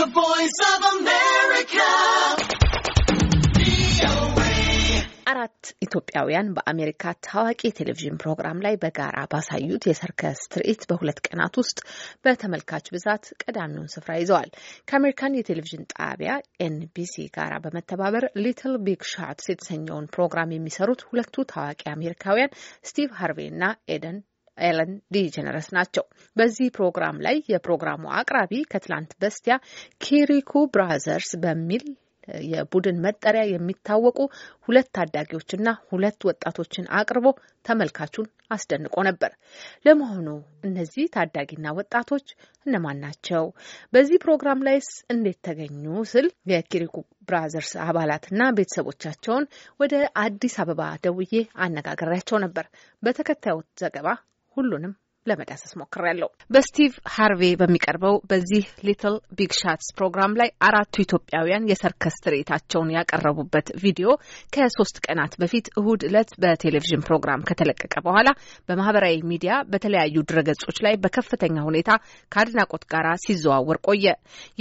The Voice of America. አራት ኢትዮጵያውያን በአሜሪካ ታዋቂ የቴሌቪዥን ፕሮግራም ላይ በጋራ ባሳዩት የሰርከስ ትርኢት በሁለት ቀናት ውስጥ በተመልካች ብዛት ቀዳሚውን ስፍራ ይዘዋል። ከአሜሪካን የቴሌቪዥን ጣቢያ ኤንቢሲ ጋር በመተባበር ሊትል ቢግ ሻትስ የተሰኘውን ፕሮግራም የሚሰሩት ሁለቱ ታዋቂ አሜሪካውያን ስቲቭ ሃርቬ እና ኤደን ኤለን ዲጀነረስ ናቸው። በዚህ ፕሮግራም ላይ የፕሮግራሙ አቅራቢ ከትላንት በስቲያ ኪሪኩ ብራዘርስ በሚል የቡድን መጠሪያ የሚታወቁ ሁለት ታዳጊዎችና ሁለት ወጣቶችን አቅርቦ ተመልካቹን አስደንቆ ነበር። ለመሆኑ እነዚህ ታዳጊና ወጣቶች እነማን ናቸው? በዚህ ፕሮግራም ላይስ እንዴት ተገኙ? ስል የኪሪኩ ብራዘርስ አባላትና ቤተሰቦቻቸውን ወደ አዲስ አበባ ደውዬ አነጋግሬያቸው ነበር። በተከታዩ ዘገባ ሁሉንም ለመዳሰስ ሞክሬያለሁ። በስቲቭ ሃርቬ በሚቀርበው በዚህ ሊትል ቢግ ሻትስ ፕሮግራም ላይ አራቱ ኢትዮጵያውያን የሰርከስ ትርኢታቸውን ያቀረቡበት ቪዲዮ ከሶስት ቀናት በፊት እሁድ ዕለት በቴሌቪዥን ፕሮግራም ከተለቀቀ በኋላ በማህበራዊ ሚዲያ በተለያዩ ድረገጾች ላይ በከፍተኛ ሁኔታ ከአድናቆት ጋር ሲዘዋወር ቆየ።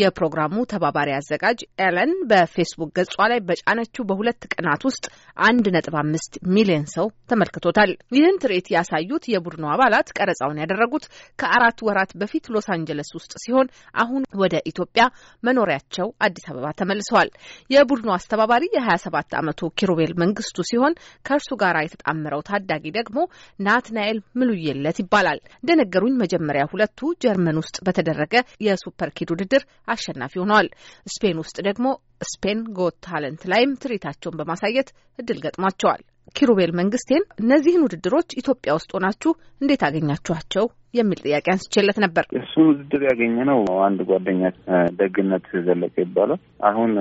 የፕሮግራሙ ተባባሪ አዘጋጅ ኤለን በፌስቡክ ገጿ ላይ በጫነችው በሁለት ቀናት ውስጥ አንድ ነጥብ አምስት ሚሊዮን ሰው ተመልክቶታል። ይህን ትርኢት ያሳዩት የቡድኑ አባላት ቀረጻውን ቆይታቸውን ያደረጉት ከአራት ወራት በፊት ሎስ አንጀለስ ውስጥ ሲሆን አሁን ወደ ኢትዮጵያ መኖሪያቸው አዲስ አበባ ተመልሰዋል። የቡድኑ አስተባባሪ የ27 ዓመቱ ኪሩቤል መንግስቱ ሲሆን ከእርሱ ጋር የተጣመረው ታዳጊ ደግሞ ናትናኤል ምሉየለት ይባላል። እንደነገሩኝ መጀመሪያ ሁለቱ ጀርመን ውስጥ በተደረገ የሱፐር ኪድ ውድድር አሸናፊ ሆነዋል። ስፔን ውስጥ ደግሞ ስፔን ጎት ታለንት ላይም ትርኢታቸውን በማሳየት እድል ገጥሟቸዋል። ኪሩቤል መንግስቴን እነዚህን ውድድሮች ኢትዮጵያ ውስጥ ሆናችሁ እንዴት አገኛችኋቸው የሚል ጥያቄ አንስቼለት ነበር። እሱን ውድድር ያገኘ ነው አንድ ጓደኛ ደግነት ዘለቀ ይባላል። አሁን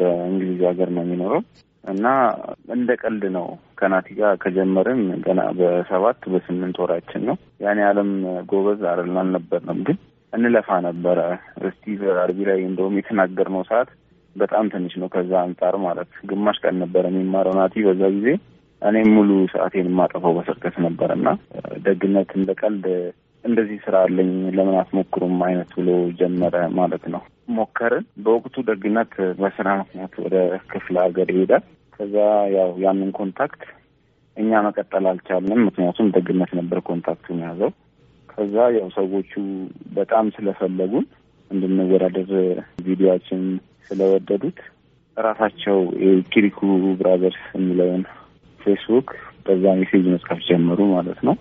በእንግሊዝ ሀገር ነው የሚኖረው እና እንደ ቀልድ ነው ከናቲ ጋር ከጀመርን ገና በሰባት በስምንት ወራችን ነው። ያኔ አለም ጎበዝ አልነበርንም፣ ግን እንለፋ ነበረ። እስቲ በአርቢ ላይ እንደውም የተናገርነው ሰዓት በጣም ትንሽ ነው። ከዛ አንጻር ማለት ግማሽ ቀን ነበረ የሚማረው ናቲ በዛ ጊዜ እኔም ሙሉ ሰዓቴን የማጠፋው በሰርከስ ነበር እና ደግነት እንደ ቀልድ እንደዚህ ስራ አለኝ ለምን አትሞክሩም አይነት ብሎ ጀመረ ማለት ነው። ሞከርን። በወቅቱ ደግነት በስራ ምክንያት ወደ ክፍለ ሀገር ይሄዳል። ከዛ ያው ያንን ኮንታክት እኛ መቀጠል አልቻልንም። ምክንያቱም ደግነት ነበር ኮንታክቱን ያዘው። ከዛ ያው ሰዎቹ በጣም ስለፈለጉን እንድንወዳደር ቪዲዮችን ስለወደዱት ራሳቸው የኪሪኩ ብራዘርስ የሚለውን ፌስቡክ በዛ ሜሴጅ መጽሐፍ ጀመሩ ማለት ነው።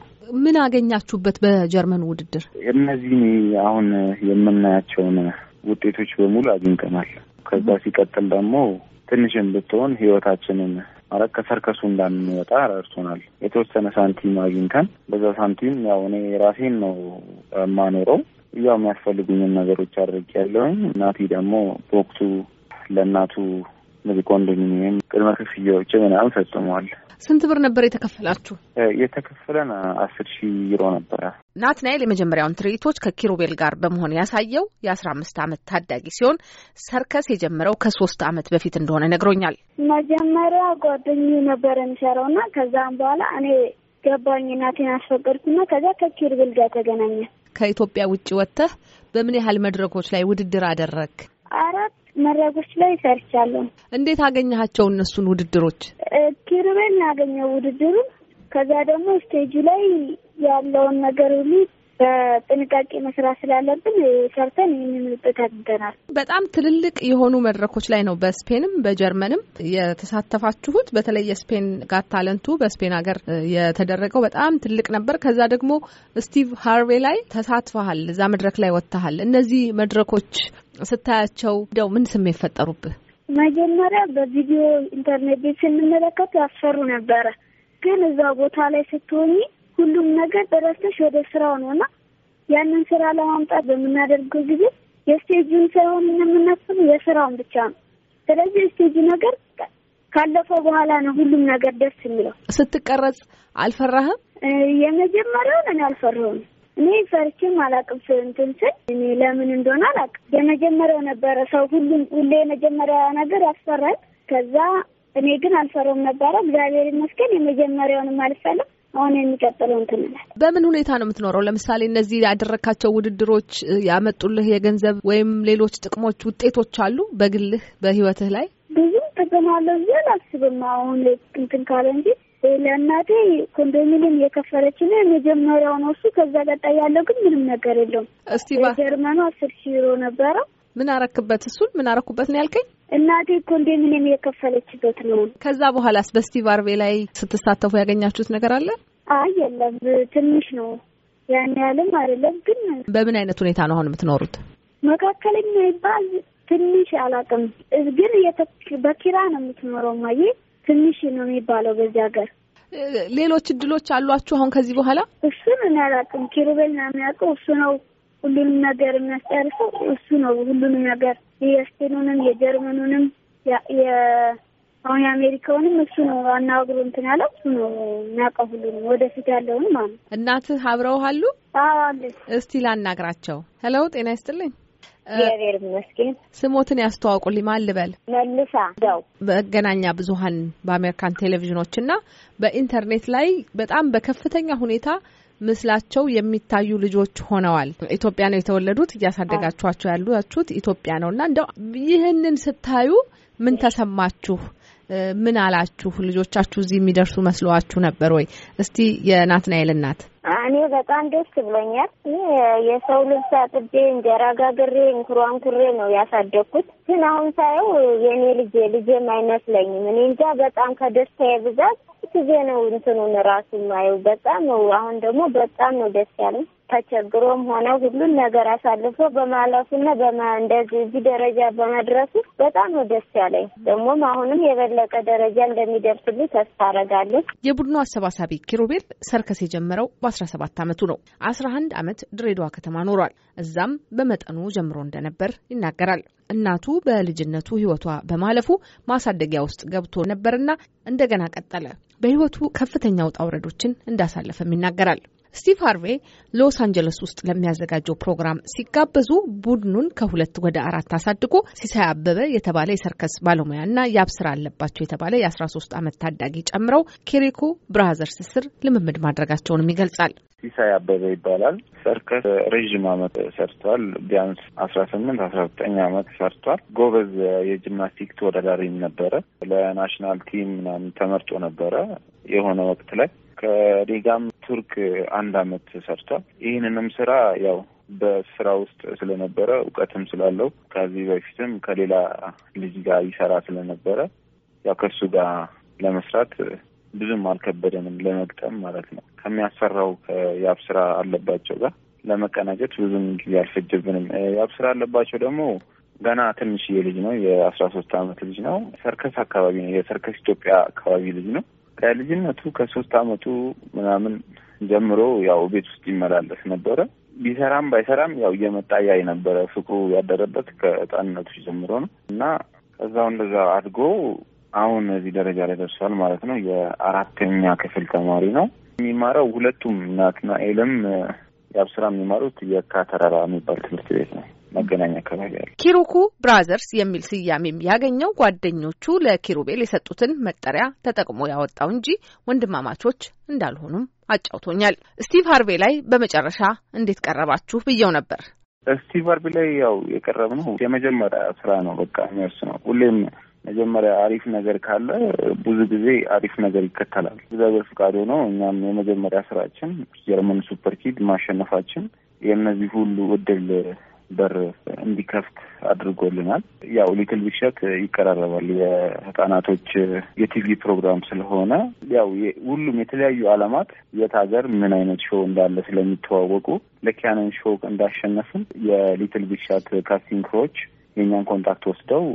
ምን አገኛችሁበት? በጀርመን ውድድር እነዚህ አሁን የምናያቸውን ውጤቶች በሙሉ አግኝተናል። ከዛ ሲቀጥል ደግሞ ትንሽም ብትሆን ህይወታችንን ማለት ከሰርከሱ እንዳንወጣ ረድቶናል። የተወሰነ ሳንቲም አግኝተን በዛ ሳንቲም ያው እኔ ራሴን ነው የማኖረው። ያው የሚያስፈልጉኝን ነገሮች አድርግ ያለውኝ እናቴ ደግሞ በወቅቱ ለእናቱ ምዝ ኮንዶሚኒየም ቅድመ ክፍያዎች ምናምን ፈጽመዋል። ስንት ብር ነበር የተከፈላችሁ? የተከፈለን አስር ሺ ዩሮ ነበረ። ናትናኤል የመጀመሪያውን ትርኢቶች ከኪሩቤል ጋር በመሆን ያሳየው የአስራ አምስት አመት ታዳጊ ሲሆን ሰርከስ የጀመረው ከሶስት አመት በፊት እንደሆነ ነግሮኛል። መጀመሪያ ጓደኛዬ ነበር የሚሰራው እና ከዛም በኋላ እኔ ገባኝ እናቴን አስፈቀድኩና ከዛ ከኪሩቤል ጋር ተገናኘ። ከኢትዮጵያ ውጭ ወጥተህ በምን ያህል መድረኮች ላይ ውድድር አደረግ? አራት መድረኮች ላይ ሰርቻለሁ። እንዴት አገኘሃቸው እነሱን ውድድሮች? ኪሩቤል ያገኘው ውድድሩ ከዛ ደግሞ ስቴጁ ላይ ያለውን ነገር ሁሉ በጥንቃቄ መስራት ስላለብን ሰርተን ይህንን ውጤት በጣም ትልልቅ የሆኑ መድረኮች ላይ ነው በስፔንም በጀርመንም የተሳተፋችሁት። በተለይ የስፔን ጋር ታለንቱ በስፔን ሀገር የተደረገው በጣም ትልቅ ነበር። ከዛ ደግሞ ስቲቭ ሃርቬ ላይ ተሳትፈሃል፣ እዛ መድረክ ላይ ወጥተሃል። እነዚህ መድረኮች ስታያቸው እንደው ምን ስሜት ፈጠሩብህ? መጀመሪያ በቪዲዮ ኢንተርኔት ቤት ስንመለከት ያስፈሩ ነበረ፣ ግን እዛ ቦታ ላይ ስትሆኝ ሁሉም ነገር በረስተሽ ወደ ስራው ነው እና ያንን ስራ ለማምጣት በምናደርገው ጊዜ የስቴጁን ሳይሆን የምናስበው የስራውን ብቻ ነው። ስለዚህ የስቴጁ ነገር ካለፈው በኋላ ነው ሁሉም ነገር ደስ የሚለው። ስትቀረጽ አልፈራህም? የመጀመሪያውን እኔ አልፈራሁም። እኔ ፈርቼም አላውቅም። እንትን ስል እኔ ለምን እንደሆነ አላውቅም። የመጀመሪያው ነበረ ሰው ሁሉም ሁሌ የመጀመሪያ ነገር ያስፈራል። ከዛ እኔ ግን አልፈረውም ነበረ። እግዚአብሔር ይመስገን የመጀመሪያውንም አልፈለም። አሁን የሚቀጥለው እንትንላል። በምን ሁኔታ ነው የምትኖረው? ለምሳሌ እነዚህ ያደረግካቸው ውድድሮች ያመጡልህ የገንዘብ ወይም ሌሎች ጥቅሞች፣ ውጤቶች አሉ በግልህ በህይወትህ ላይ ብዙም ጥቅም አለው ብዬ አላስብም። አሁን እንትን ካለ እንጂ ለእናቴ ኮንዶሚኒየም የከፈለችን የመጀመሪያው ነው እሱ። ከዛ ቀጣይ ያለው ግን ምንም ነገር የለውም። እስቲ ጀርመኑ አስር ሺህ ዩሮ ነበረው። ምን አረክበት? እሱን ምን አረኩበት ነው ያልከኝ? እናቴ ኮንዶሚኒየም የከፈለችበት ነው። ከዛ በኋላስ በስቲቭ አርቬ ላይ ስትሳተፉ ያገኛችሁት ነገር አለ? አይ የለም፣ ትንሽ ነው ያን ያህልም አይደለም። ግን በምን አይነት ሁኔታ ነው አሁን የምትኖሩት? መካከለኛ ይባል ትንሽ አላውቅም፣ ግን በኪራ ነው የምትኖረው ማየት ትንሽ ነው የሚባለው በዚህ ሀገር። ሌሎች እድሎች አሏችሁ አሁን ከዚህ በኋላ? እሱን እኔ አላውቅም። ኪሩቤል ነው የሚያውቀው። እሱ ነው ሁሉንም ነገር የሚያስጨርሰው። እሱ ነው ሁሉንም ነገር የስፔኑንም፣ የጀርመኑንም፣ አሁን የአሜሪካውንም እሱ ነው አናግሮ እንትን ያለው እሱ ነው የሚያውቀው ሁሉንም ወደፊት ያለውን ማለት። እናትህ አብረውህ አሉ? አዎ አለች። እስቲ ላናግራቸው። ሄሎ ጤና ይስጥልኝ። እግዚአብሔር ይመስገን። ስሞትን ያስተዋውቁልኝ። ማን ልበል? መልሳ ው መገናኛ ብዙኃን በአሜሪካን ቴሌቪዥኖች እና በኢንተርኔት ላይ በጣም በከፍተኛ ሁኔታ ምስላቸው የሚታዩ ልጆች ሆነዋል። ኢትዮጵያ ነው የተወለዱት፣ እያሳደጋችኋቸው ያላችሁት ኢትዮጵያ ነው እና እንደው ይህንን ስታዩ ምን ተሰማችሁ? ምን አላችሁ? ልጆቻችሁ እዚህ የሚደርሱ መስለዋችሁ ነበር ወይ? እስቲ የናትናኤል እናት እኔ በጣም ደስ ብሎኛል። የሰው ልብስ አጥቤ እንጀራ ጋግሬ እንኩሯን ኩሬ ነው ያሳደግኩት። ግን አሁን ሳየው የእኔ ልጄ ልጄም አይመስለኝም። እኔ እንጃ በጣም ከደስታዬ ብዛት ጊዜ ነው እንትኑን ራሱ ማየው። በጣም ነው አሁን ደግሞ በጣም ነው ደስ ያለኝ። ተቸግሮም ሆነ ሁሉን ነገር አሳልፎ በማለፉና በማ እንደዚህ እዚህ ደረጃ በመድረሱ በጣም ደስ ያለኝ ደግሞም አሁንም የበለጠ ደረጃ እንደሚደርስልኝ ተስፋ አረጋለሁ። የቡድኑ አሰባሳቢ ኪሩቤል ሰርከስ የጀመረው በአስራ ሰባት አመቱ ነው። አስራ አንድ አመት ድሬዳዋ ከተማ ኖሯል። እዛም በመጠኑ ጀምሮ እንደነበር ይናገራል። እናቱ በልጅነቱ ህይወቷ በማለፉ ማሳደጊያ ውስጥ ገብቶ ነበርና እንደገና ቀጠለ። በህይወቱ ከፍተኛ ውጣ ውረዶችን እንዳሳለፈም ይናገራል። ስቲቭ ሃርቬ ሎስ አንጀለስ ውስጥ ለሚያዘጋጀው ፕሮግራም ሲጋበዙ ቡድኑን ከሁለት ወደ አራት አሳድጎ ሲሳይ አበበ የተባለ የሰርከስ ባለሙያና የአብስራ አለባቸው የተባለ የ13 ዓመት ታዳጊ ጨምረው ኬሪኮ ብራዘርስ ስር ልምምድ ማድረጋቸውንም ይገልጻል። ሲሳይ አበበ ይባላል። ሰርከስ ረዥም ዓመት ሰርቷል። ቢያንስ አስራ ስምንት አስራ ዘጠኝ ዓመት ሰርቷል። ጎበዝ የጂምናስቲክ ተወዳዳሪም ነበረ። ለናሽናል ቲም ምናምን ተመርጦ ነበረ የሆነ ወቅት ላይ ከሊጋም ቱርክ አንድ አመት ሰርቷል። ይህንንም ስራ ያው በስራ ውስጥ ስለነበረ እውቀትም ስላለው ከዚህ በፊትም ከሌላ ልጅ ጋር ይሰራ ስለነበረ ያው ከእሱ ጋር ለመስራት ብዙም አልከበደንም። ለመግጠም ማለት ነው ከሚያሰራው የአብ ስራ አለባቸው ጋር ለመቀናጀት ብዙም ጊዜ አልፈጀብንም። ያብ ስራ አለባቸው ደግሞ ገና ትንሽዬ ልጅ ነው። የአስራ ሶስት አመት ልጅ ነው። ሰርከስ አካባቢ ነው። የሰርከስ ኢትዮጵያ አካባቢ ልጅ ነው። ከልጅነቱ ከሶስት አመቱ ምናምን ጀምሮ ያው ቤት ውስጥ ይመላለስ ነበረ። ቢሰራም ባይሰራም ያው እየመጣ ያይ ነበረ። ፍቅሩ ያደረበት ከህፃንነቱ ጀምሮ ነው እና ከዛው እንደዛ አድጎ አሁን እዚህ ደረጃ ላይ ደርሷል ማለት ነው። የአራተኛ ክፍል ተማሪ ነው የሚማረው። ሁለቱም ናትናኤልም የአብስራ የሚማሩት የካ ተራራ የሚባል ትምህርት ቤት ነው። መገናኛ አካባቢ አለ። ኪሩኩ ብራዘርስ የሚል ስያሜም ያገኘው ጓደኞቹ ለኪሩቤል የሰጡትን መጠሪያ ተጠቅሞ ያወጣው እንጂ ወንድማማቾች እንዳልሆኑም አጫውቶኛል። ስቲቭ ሃርቬ ላይ በመጨረሻ እንዴት ቀረባችሁ ብየው ነበር። ስቲቭ ሀርቬ ላይ ያው የቀረብነው የመጀመሪያ ስራ ነው። በቃ የሚወርስ ነው ሁሌም መጀመሪያ አሪፍ ነገር ካለ ብዙ ጊዜ አሪፍ ነገር ይከተላል። እግዚአብሔር ፍቃድ ነው እኛም የመጀመሪያ ስራችን ጀርመን ሱፐርኪድ ማሸነፋችን የእነዚህ ሁሉ እድል በር እንዲከፍት አድርጎልናል። ያው ሊትል ቢግ ይቀራረባል የህጻናቶች የቲቪ ፕሮግራም ስለሆነ ያው ሁሉም የተለያዩ አለማት የት ሀገር ምን አይነት ሾው እንዳለ ስለሚተዋወቁ ለኪያነን ሾው እንዳሸነፍም የሊትል ቢግ ካስቲንግ ክሮች የእኛን ኮንታክት ወስደው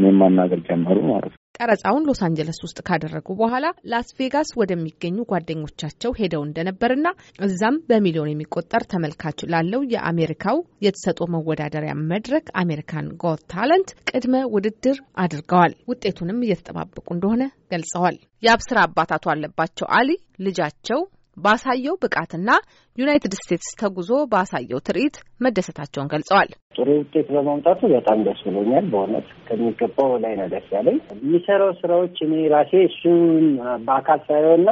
እኔም ማናገር ጀመሩ ማለት ነው። ቀረጻውን ሎስ አንጀለስ ውስጥ ካደረጉ በኋላ ላስ ቬጋስ ወደሚገኙ ጓደኞቻቸው ሄደው እንደነበርና እዛም በሚሊዮን የሚቆጠር ተመልካች ላለው የአሜሪካው የተሰጦ መወዳደሪያ መድረክ አሜሪካን ጎት ታለንት ቅድመ ውድድር አድርገዋል። ውጤቱንም እየተጠባበቁ እንደሆነ ገልጸዋል። የአብስራ አባታቱ አለባቸው አሊ ልጃቸው ባሳየው ብቃትና ዩናይትድ ስቴትስ ተጉዞ ባሳየው ትርኢት መደሰታቸውን ገልጸዋል። ጥሩ ውጤት በማምጣቱ በጣም ደስ ብሎኛል። በእውነት ከሚገባው ላይ ነው ደስ ያለኝ። የሚሰራው ስራዎች እኔ ራሴ እሱን በአካል ሳየውና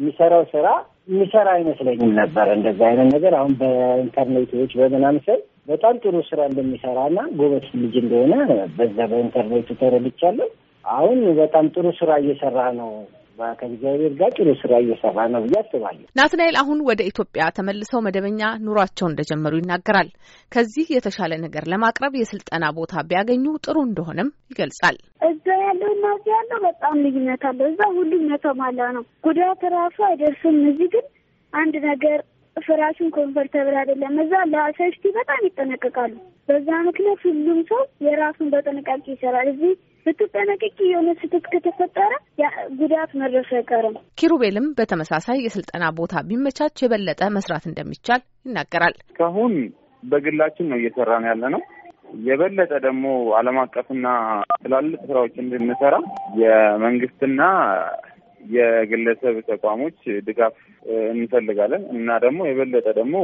የሚሰራው ስራ የሚሰራ አይመስለኝም ነበር። እንደዚ አይነት ነገር አሁን በኢንተርኔቶች በምናምስል በጣም ጥሩ ስራ እንደሚሰራና ጎበዝ ልጅ እንደሆነ በዛ በኢንተርኔቱ ተረድቻለሁ። አሁን በጣም ጥሩ ስራ እየሰራ ነው ከእግዚአብሔር ጋር ጥሩ ስራ እየሰራ ነው ብዬ አስባለሁ። ናትናኤል አሁን ወደ ኢትዮጵያ ተመልሰው መደበኛ ኑሯቸው እንደጀመሩ ይናገራል። ከዚህ የተሻለ ነገር ለማቅረብ የስልጠና ቦታ ቢያገኙ ጥሩ እንደሆነም ይገልጻል። እዛ ያለው እና እዚህ ያለው በጣም ልዩነት አለው። እዛ ሁሉም የተሟላ ነው፣ ጉዳት ራሱ አይደርስም። እዚህ ግን አንድ ነገር ፍራሹን ኮንፈርተብል አይደለም። እዛ ለሴፍቲ በጣም ይጠነቀቃሉ። በዛ ምክንያት ሁሉም ሰው የራሱን በጥንቃቄ ይሰራል። እዚህ በኢትዮጵያ የሆነ ስህተት ከተፈጠረ ጉዳት መድረሱ አይቀርም። ኪሩቤልም በተመሳሳይ የስልጠና ቦታ ቢመቻች የበለጠ መስራት እንደሚቻል ይናገራል። እስካሁን በግላችን ነው እየሰራን ያለ ነው። የበለጠ ደግሞ ዓለም አቀፍና ትላልቅ ስራዎች እንድንሰራ የመንግስትና የግለሰብ ተቋሞች ድጋፍ እንፈልጋለን እና ደግሞ የበለጠ ደግሞ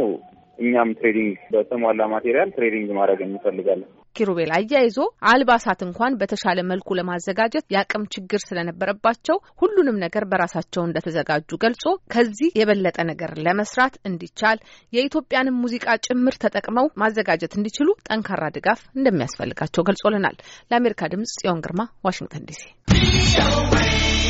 እኛም ትሬዲንግ በተሟላ ማቴሪያል ትሬዲንግ ማድረግ እንፈልጋለን። ኪሩቤል አያይዞ አልባሳት እንኳን በተሻለ መልኩ ለማዘጋጀት የአቅም ችግር ስለነበረባቸው ሁሉንም ነገር በራሳቸው እንደተዘጋጁ ገልጾ ከዚህ የበለጠ ነገር ለመስራት እንዲቻል የኢትዮጵያንም ሙዚቃ ጭምር ተጠቅመው ማዘጋጀት እንዲችሉ ጠንካራ ድጋፍ እንደሚያስፈልጋቸው ገልጾልናል። ለአሜሪካ ድምጽ ጽዮን ግርማ ዋሽንግተን ዲሲ